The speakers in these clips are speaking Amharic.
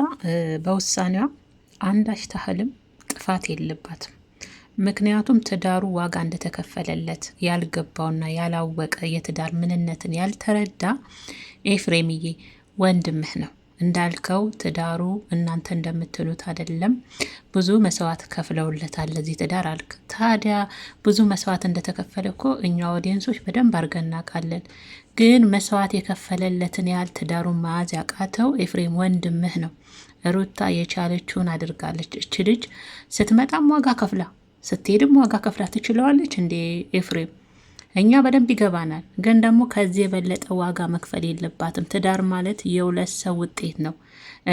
ሩታ በውሳኔዋ አንዳች ታህልም ጥፋት የለባትም። ምክንያቱም ትዳሩ ዋጋ እንደተከፈለለት ያልገባውና ያላወቀ የትዳር ምንነትን ያልተረዳ ኤፍሬምዬ ወንድምህ ነው እንዳልከው ትዳሩ እናንተ እንደምትሉት አይደለም። ብዙ መስዋዕት ከፍለውለታል ለዚህ ትዳር አልክ። ታዲያ ብዙ መስዋዕት እንደተከፈለ እኮ እኛ ኦዲየንሶች በደንብ አድርገን እናውቃለን። ግን መስዋዕት የከፈለለትን ያህል ትዳሩን መያዝ ያቃተው ኤፍሬም ወንድምህ ነው። ሩታ የቻለችውን አድርጋለች። እች ልጅ ስትመጣም ዋጋ ከፍላ ስትሄድም ዋጋ ከፍላ ትችለዋለች። እንዴ ኤፍሬም፣ እኛ በደንብ ይገባናል፣ ግን ደግሞ ከዚህ የበለጠ ዋጋ መክፈል የለባትም። ትዳር ማለት የሁለት ሰው ውጤት ነው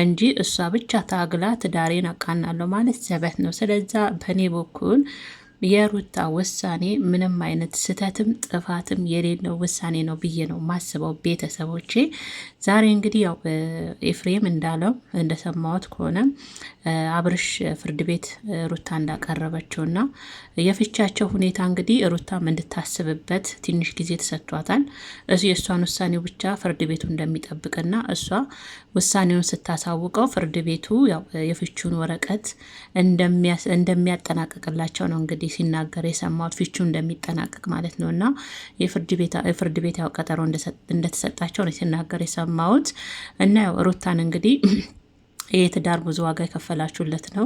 እንጂ እሷ ብቻ ታግላ ትዳሬን አቃናለሁ ማለት ዘበት ነው። ስለዛ በእኔ በኩል የሩታ ውሳኔ ምንም አይነት ስህተትም ጥፋትም የሌለው ውሳኔ ነው ብዬ ነው ማስበው። ቤተሰቦቼ ዛሬ እንግዲህ ያው ኤፍሬም እንዳለው እንደሰማሁት ከሆነ አብርሽ ፍርድ ቤት ሩታ እንዳቀረበችው እና የፍቻቸው ሁኔታ እንግዲህ ሩታም እንድታስብበት ትንሽ ጊዜ ተሰጥቷታል። የእሷን ውሳኔው ብቻ ፍርድ ቤቱ እንደሚጠብቅና እሷ ውሳኔውን ስታሳውቀው ፍርድ ቤቱ ያው የፍቹን ወረቀት እንደሚያጠናቅቅላቸው ነው እንግዲህ እንግዲህ ሲናገር የሰማሁት ፊቹ እንደሚጠናቀቅ ማለት ነው እና የፍርድ ቤት ያው ቀጠሮ እንደተሰጣቸው ነው ሲናገር የሰማሁት እና ያው ሩታን እንግዲህ ይህ ትዳር ብዙ ዋጋ የከፈላችሁለት ነው።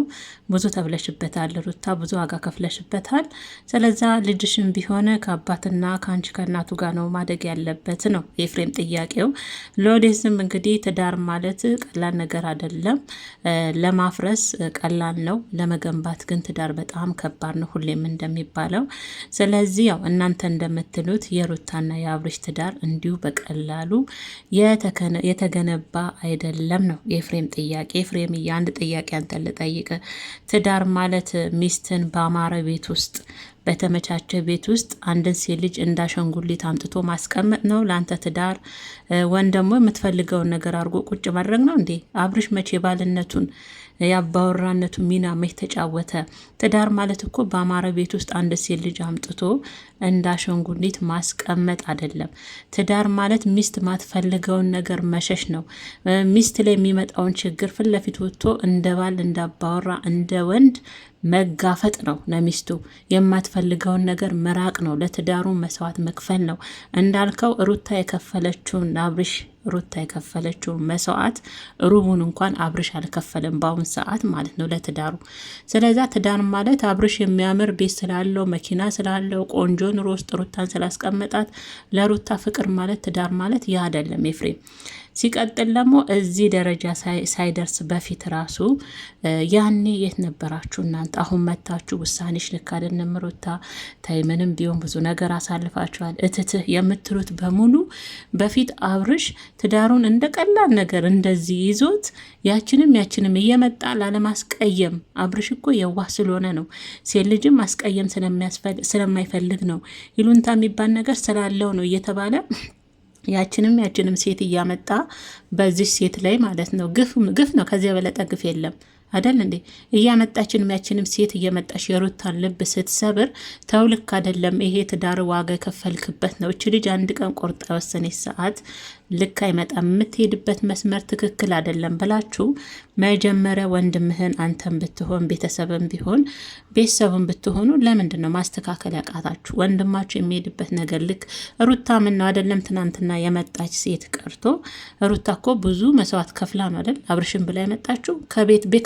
ብዙ ተብለሽበታል ሩታ፣ ብዙ ዋጋ ከፍለሽበታል። ስለዛ ልጅሽም ቢሆን ከአባትና ከአንቺ ከእናቱ ጋር ነው ማደግ ያለበት ነው የፍሬም ጥያቄው። ለወደዝም እንግዲህ ትዳር ማለት ቀላል ነገር አይደለም። ለማፍረስ ቀላል ነው፣ ለመገንባት ግን ትዳር በጣም ከባድ ነው፣ ሁሌም እንደሚባለው። ስለዚህ ያው እናንተ እንደምትሉት የሩታና የአብርሽ ትዳር እንዲሁ በቀላሉ የተገነባ አይደለም ነው የፍሬም ጥያቄ ጥያቄ ፍሬም፣ አንድ ጥያቄ አንተን ልጠይቅ። ትዳር ማለት ሚስትን በአማረ ቤት ውስጥ በተመቻቸ ቤት ውስጥ አንድን ሴት ልጅ እንዳሸንጉሊት አምጥቶ ማስቀመጥ ነው ለአንተ ትዳር ወን ደግሞ የምትፈልገውን ነገር አድርጎ ቁጭ ማድረግ ነው እንዴ? አብርሽ መቼ ባልነቱን የአባወራነቱ ሚና መች ተጫወተ? ትዳር ማለት እኮ በአማረ ቤት ውስጥ አንድ ሴት ልጅ አምጥቶ እንዳሸንጉሊት ማስቀመጥ አይደለም። ትዳር ማለት ሚስት ማትፈልገውን ነገር መሸሽ ነው። ሚስት ላይ የሚመጣውን ችግር ፊት ለፊት ወጥቶ እንደ ባል፣ እንዳባወራ እንደ ወንድ መጋፈጥ ነው ለሚስቱ የማትፈልገውን ነገር መራቅ ነው። ለትዳሩ መስዋዕት መክፈል ነው። እንዳልከው ሩታ የከፈለችውን አብርሽ ሩታ የከፈለችው መስዋዕት ሩቡን እንኳን አብርሽ አልከፈለም፣ በአሁን ሰዓት ማለት ነው ለትዳሩ። ስለዛ ትዳር ማለት አብርሽ የሚያምር ቤት ስላለው መኪና ስላለው ቆንጆ ኑሮ ውስጥ ሩታን ስላስቀመጣት ለሩታ ፍቅር ማለት ትዳር ማለት ያ አይደለም ኤፍሬም። ሲቀጥል ደግሞ እዚህ ደረጃ ሳይደርስ በፊት ራሱ ያኔ የት ነበራችሁ እናንተ? አሁን መታችሁ ውሳኔሽ ልክ አይደለም ሩታ ታይ፣ ምንም ቢሆን ብዙ ነገር አሳልፋችኋል። እትትህ የምትሉት በሙሉ በፊት አብርሽ ትዳሩን እንደ ቀላል ነገር እንደዚህ ይዞት ያችንም ያችንም እየመጣ ላለማስቀየም አብርሽ እኮ የዋህ ስለሆነ ነው። ሴት ልጅም ማስቀየም ስለማይፈልግ ነው። ይሉንታ የሚባል ነገር ስላለው ነው እየተባለ ያችንም ያችንም ሴት እያመጣ በዚህ ሴት ላይ ማለት ነው ግፍ ነው። ከዚያ በለጠ ግፍ የለም። አደል እንዴ? እያመጣችንም ያችንም ሴት እየመጣች የሩታን ልብ ስትሰብር ተው፣ ልክ አደለም። ይሄ ትዳር ዋጋ የከፈልክበት ነው። እች ልጅ አንድ ቀን ቆርጣ የወሰነች ሰዓት ልክ አይመጣም፣ የምትሄድበት መስመር ትክክል አይደለም ብላችሁ መጀመሪያ ወንድምህን አንተን ብትሆን ቤተሰብን ቢሆን ቤተሰብን ብትሆኑ ለምንድን ነው ማስተካከል ያቃታችሁ? ወንድማችሁ የሚሄድበት ነገር ልክ ሩታ ምን ነው አይደለም፣ ትናንትና የመጣች ሴት ቀርቶ ሩታ እኮ ብዙ መስዋዕት ከፍላ ነው አይደል አብርሽን ብላ የመጣችሁ።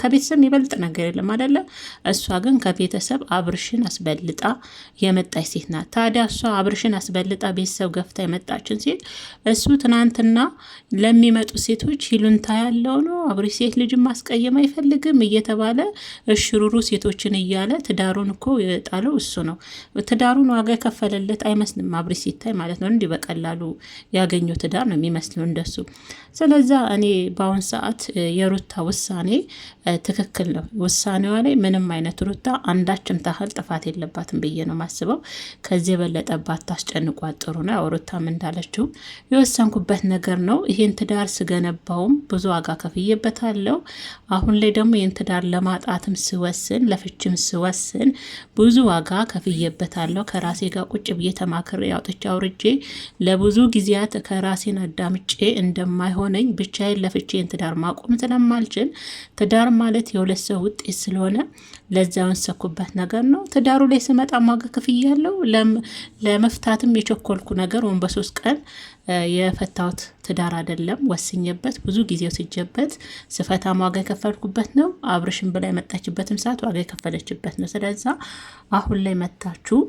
ከቤተሰብ የሚበልጥ ነገር የለም አይደለ? እሷ ግን ከቤተሰብ አብርሽን አስበልጣ የመጣች ሴት ናት። ታዲያ እሷ አብርሽን አስበልጣ ቤተሰብ ገፍታ የመጣችን ሴት እሱ ትናንት ትናንትና ለሚመጡ ሴቶች ይሉንታ ያለው ነው። አብሬ ሴት ልጅ ማስቀየም አይፈልግም እየተባለ እሽሩሩ ሴቶችን እያለ ትዳሩን እኮ የጣለው እሱ ነው። ትዳሩን ዋጋ የከፈለለት አይመስልም አብሬ ሲታይ ማለት ነው። እንዲህ በቀላሉ ያገኘው ትዳር ነው የሚመስለው እንደሱ። ስለዛ እኔ በአሁን ሰዓት የሩታ ውሳኔ ትክክል ነው። ውሳኔዋ ላይ ምንም አይነት ሩታ አንዳችም ታህል ጥፋት የለባትም ብዬ ነው ማስበው። ከዚህ የበለጠባት ታስጨንቋት ጥሩ ነው። ያው ሩታም እንዳለችው የወሰንኩበት ነገር ነው። ይሄን ትዳር ስገነባውም ብዙ ዋጋ ከፍዬበታለሁ። አሁን ላይ ደግሞ ይህን ትዳር ለማጣትም ስወስን፣ ለፍችም ስወስን ብዙ ዋጋ ከፍዬበታለሁ። ከራሴ ጋር ቁጭ ብዬ ተማክሬ አውጥቼ አውርጄ ለብዙ ጊዜያት ከራሴን አዳምጬ እንደማይሆነኝ ብቻዬን ለፍቼን ትዳር ማቆም ስለማልችል ትዳር ማለት የሁለት ሰው ውጤት ስለሆነ ለዛ ያንሰኩበት ነገር ነው። ትዳሩ ላይ ስመጣ ማገ ክፍያ ለመፍታትም የቸኮልኩ ነገር ወይም በሶስት ቀን የፈታሁት ትዳር አይደለም። ወስኜበት ብዙ ጊዜ ወስጄበት ስፈታ ዋጋ የከፈልኩበት ነው። አብርሽን ብላ የመጣችበትም ሰዓት ዋጋ የከፈለችበት ነው። ስለዛ አሁን ላይ መታችሁ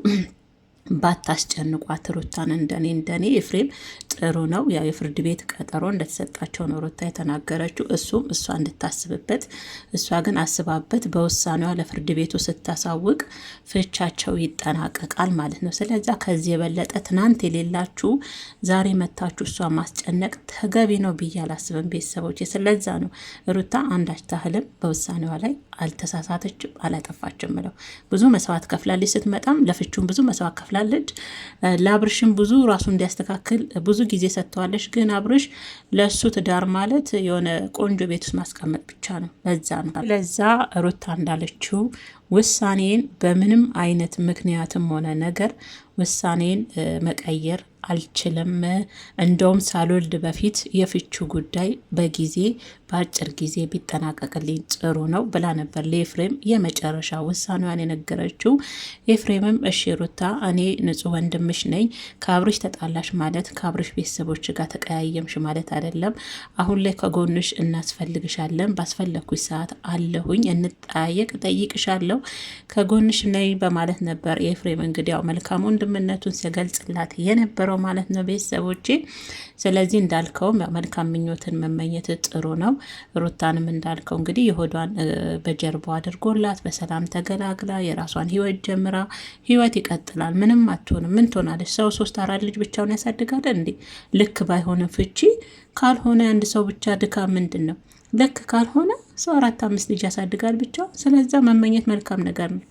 ባታስጨንቋት ሩታን እንደኔ እንደኔ ኤፍሬም ጥሩ ነው። ያው የፍርድ ቤት ቀጠሮ እንደተሰጣቸው ነው ሩታ የተናገረችው። እሱም እሷ እንድታስብበት እሷ ግን አስባበት በውሳኔዋ ለፍርድ ቤቱ ስታሳውቅ ፍቻቸው ይጠናቀቃል ማለት ነው። ስለዛ ከዚህ የበለጠ ትናንት የሌላችሁ ዛሬ መታችሁ እሷ ማስጨነቅ ተገቢ ነው ብዬ አላስብም ቤተሰቦች። ስለዛ ነው ሩታ አንዳች ታህልም በውሳኔዋ ላይ አልተሳሳተችም፣ አላጠፋችም ብለው ብዙ መስዋዕት ከፍላለች። ስትመጣም ለፍቹም ብዙ መስዋዕት ከፍላለች። ለአብርሽም ብዙ ራሱ እንዲያስተካክል ብዙ ጊዜ ሰጥተዋለች። ግን አብርሽ ለሱ ትዳር ማለት የሆነ ቆንጆ ቤት ውስጥ ማስቀመጥ ብቻ ነው። ለዛ ነው ለዛ ሩታ እንዳለችው ውሳኔን በምንም አይነት ምክንያትም ሆነ ነገር ውሳኔን መቀየር አልችልም። እንደውም ሳልወልድ በፊት የፍቹ ጉዳይ በጊዜ በአጭር ጊዜ ቢጠናቀቅልኝ ጥሩ ነው ብላ ነበር ለኤፍሬም የመጨረሻ ውሳኔዋን የነገረችው። ኤፍሬምም እሺ ሩታ፣ እኔ ንጹሕ ወንድምሽ ነኝ። ከአብርሽ ተጣላሽ ማለት ከአብርሽ ቤተሰቦች ጋር ተቀያየምሽ ማለት አይደለም። አሁን ላይ ከጎንሽ እናስፈልግሻለን። ባስፈለግኩሽ ሰዓት አለሁኝ፣ እንጠያየቅ፣ ጠይቅሻለሁ አለው ከጎንሽ ነይ በማለት ነበር ኤፍሬም ያው መልካም ወንድምነቱን ሲገልጽላት የነበረው ማለት ነው ቤተሰቦቼ። ስለዚህ እንዳልከውም መልካም ምኞትን መመኘት ጥሩ ነው። ሩታንም እንዳልከው እንግዲህ የሆዷን በጀርባ አድርጎላት በሰላም ተገላግላ የራሷን ህይወት ጀምራ ህይወት ይቀጥላል። ምንም አትሆንም። ምን ትሆናለች? ሰው ሶስት አራት ልጅ ብቻውን ያሳድጋል እንዴ? ልክ ባይሆንም ፍቺ ካልሆነ አንድ ሰው ብቻ ድካም ምንድን ነው? ልክ ካልሆነ ሰው አራት አምስት ልጅ ያሳድጋል ብቻ። ስለዛ መመኘት መልካም ነገር ነው።